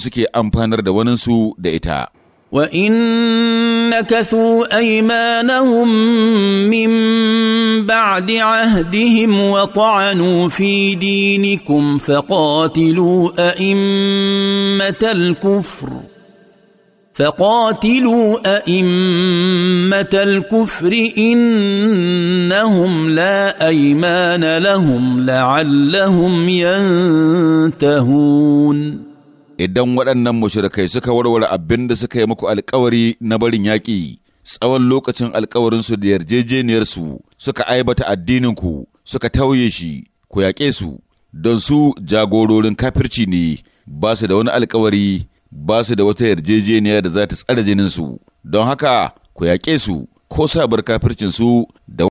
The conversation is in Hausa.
suke amfanar da waninsu da ita. وإن نكثوا أيمانهم من بعد عهدهم وطعنوا في دينكم فقاتلوا أئمة الكفر فقاتلوا أئمة الكفر إنهم لا أيمان لهم لعلهم ينتهون idan waɗannan mushrikai suka warware abin da suka yi muku alkawari na barin yaƙi tsawon lokacin alkawarinsu da yarjejeniyarsu suka aibata addininku suka tauye shi ku yaƙe su don su jagororin kafirci ne ba su da wani alkawari ba su da wata yarjejeniyar da za ta tsare jininsu don haka ku yaƙe su ko sabar kafircinsu da